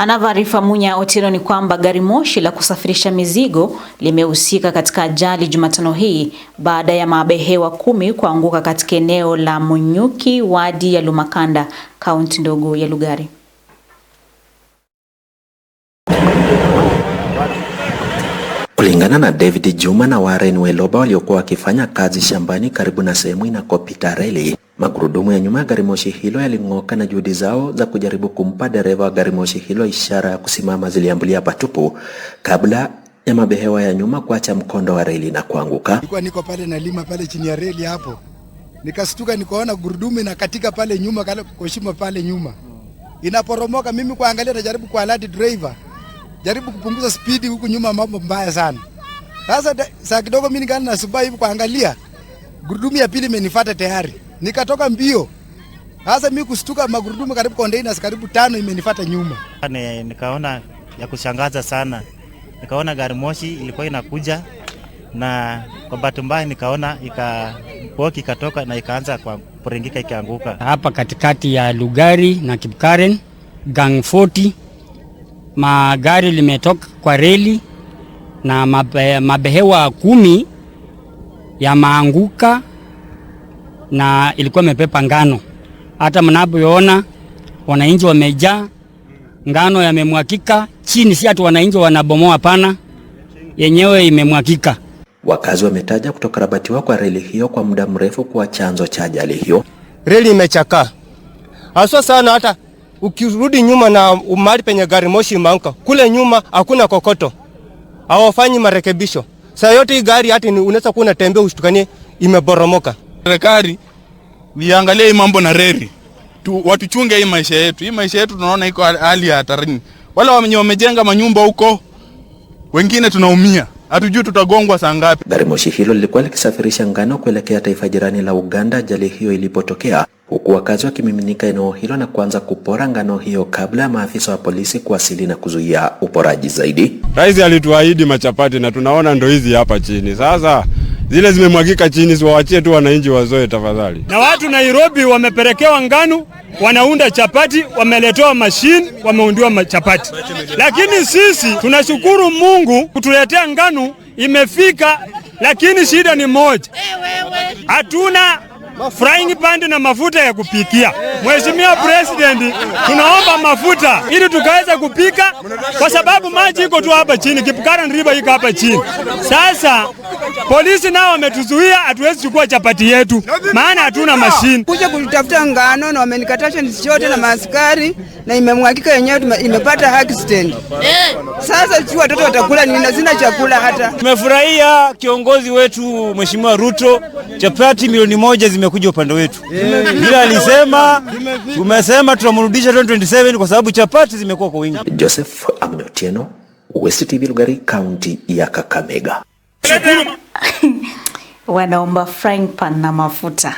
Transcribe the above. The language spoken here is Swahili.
Anavyoarifa Munya Otero ni kwamba gari moshi la kusafirisha mizigo limehusika katika ajali Jumatano hii baada ya mabehewa kumi kuanguka katika eneo la Munyuki, wadi ya Lumakanda, kaunti ndogo ya Lugari. Kulingana na David Juma na Warren Weloba waliokuwa wakifanya kazi shambani karibu na sehemu inakopita reli, magurudumu ya nyuma ya gari moshi hilo yaling'oka na juhudi zao za kujaribu kumpa dereva wa gari moshi hilo ishara ya kusimama ziliambulia patupu kabla ya mabehewa ya nyuma kuacha mkondo wa reli na kuanguka. Nilikuwa niko pale na lima pale chini ya reli hapo, nikastuka nikaona gurudumu na katika pale nyuma kale shimo pale nyuma inaporomoka. Mimi kuangalia, najaribu kwa alert driver, jaribu kupunguza spidi huku nyuma, mambo mbaya sana sasa saa kidogo mimi nikaanza na subai hivi kuangalia. Gurudumu ya pili imenifuata tayari. Nikatoka mbio. Sasa mimi kustuka magurudumu karibu containers karibu tano imenifuata nyuma. Nikaona ya kushangaza sana. Nikaona gari moshi ilikuwa inakuja na kwa bahati mbaya nikaona poki ikatoka na ikaanza kwa kuringika ikianguka. Hapa katikati ya Lugari na Kipkaren, Gang 40 magari limetoka kwa reli na mabe, mabehewa kumi ya maanguka na ilikuwa imepepa ngano. Hata mnapoona wananchi wamejaa, ngano yamemwakika chini, si hata wananchi wanabomoa, pana yenyewe imemwakika. Wakazi wametaja kutokarabatiwa kwa reli hiyo kwa muda mrefu kuwa chanzo cha ajali hiyo. Reli imechakaa haswa sana, hata ukirudi nyuma na mahali penye gari moshi imeanguka kule nyuma, hakuna kokoto hawafanyi marekebisho. Saa yote hii gari hata unaweza kuwa unatembea ushtukanie imeboromoka. Serikali iangalie hii mambo na reri tu, watuchunge hii maisha yetu. Hii maisha yetu tunaona iko hali ya hatarini. Wale wamenye wamejenga manyumba huko, wengine tunaumia hatujui tutagongwa saa ngapi. Gari moshi hilo lilikuwa likisafirisha ngano kuelekea taifa jirani la Uganda ajali hiyo ilipotokea, huku wakazi wakimiminika eneo hilo na kuanza kupora ngano hiyo kabla ya maafisa wa polisi kuwasili na kuzuia uporaji zaidi. Rais alituahidi machapati na tunaona ndo hizi hapa chini sasa zile zimemwagika chini, siwaachie tu wananchi wazoe tafadhali. Na watu Nairobi wamepelekewa ngano, wanaunda chapati, wameletewa mashini, wameundiwa chapati, lakini sisi tunashukuru Mungu kutuletea ngano imefika, lakini shida ni moja, hatuna frying pan na mafuta ya kupikia. Mheshimiwa President, tunaomba mafuta ili tukaweza kupika, kwa sababu maji iko tu hapa chini, Kipukara riba iko hapa chini. Sasa polisi nao wametuzuia, hatuwezi chukua chapati yetu, maana hatuna mashine. Kuja kutafuta ngano na wamenikatasha nisichote na maaskari, na imemwakika yenyewe imepata haki stand. Sasa si watoto watakula nini? Sina chakula hata. Tumefurahia kiongozi wetu Mheshimiwa Ruto, chapati milioni moja zime kuja upande wetu bila alisema, tumesema tutamrudisha 2027 kwa sababu chapati zimekuwa kwa wingi. Joseph Abdotieno, West TV Lugari, kaunti ya Kakamega. Wanaomba frying pan na mafuta.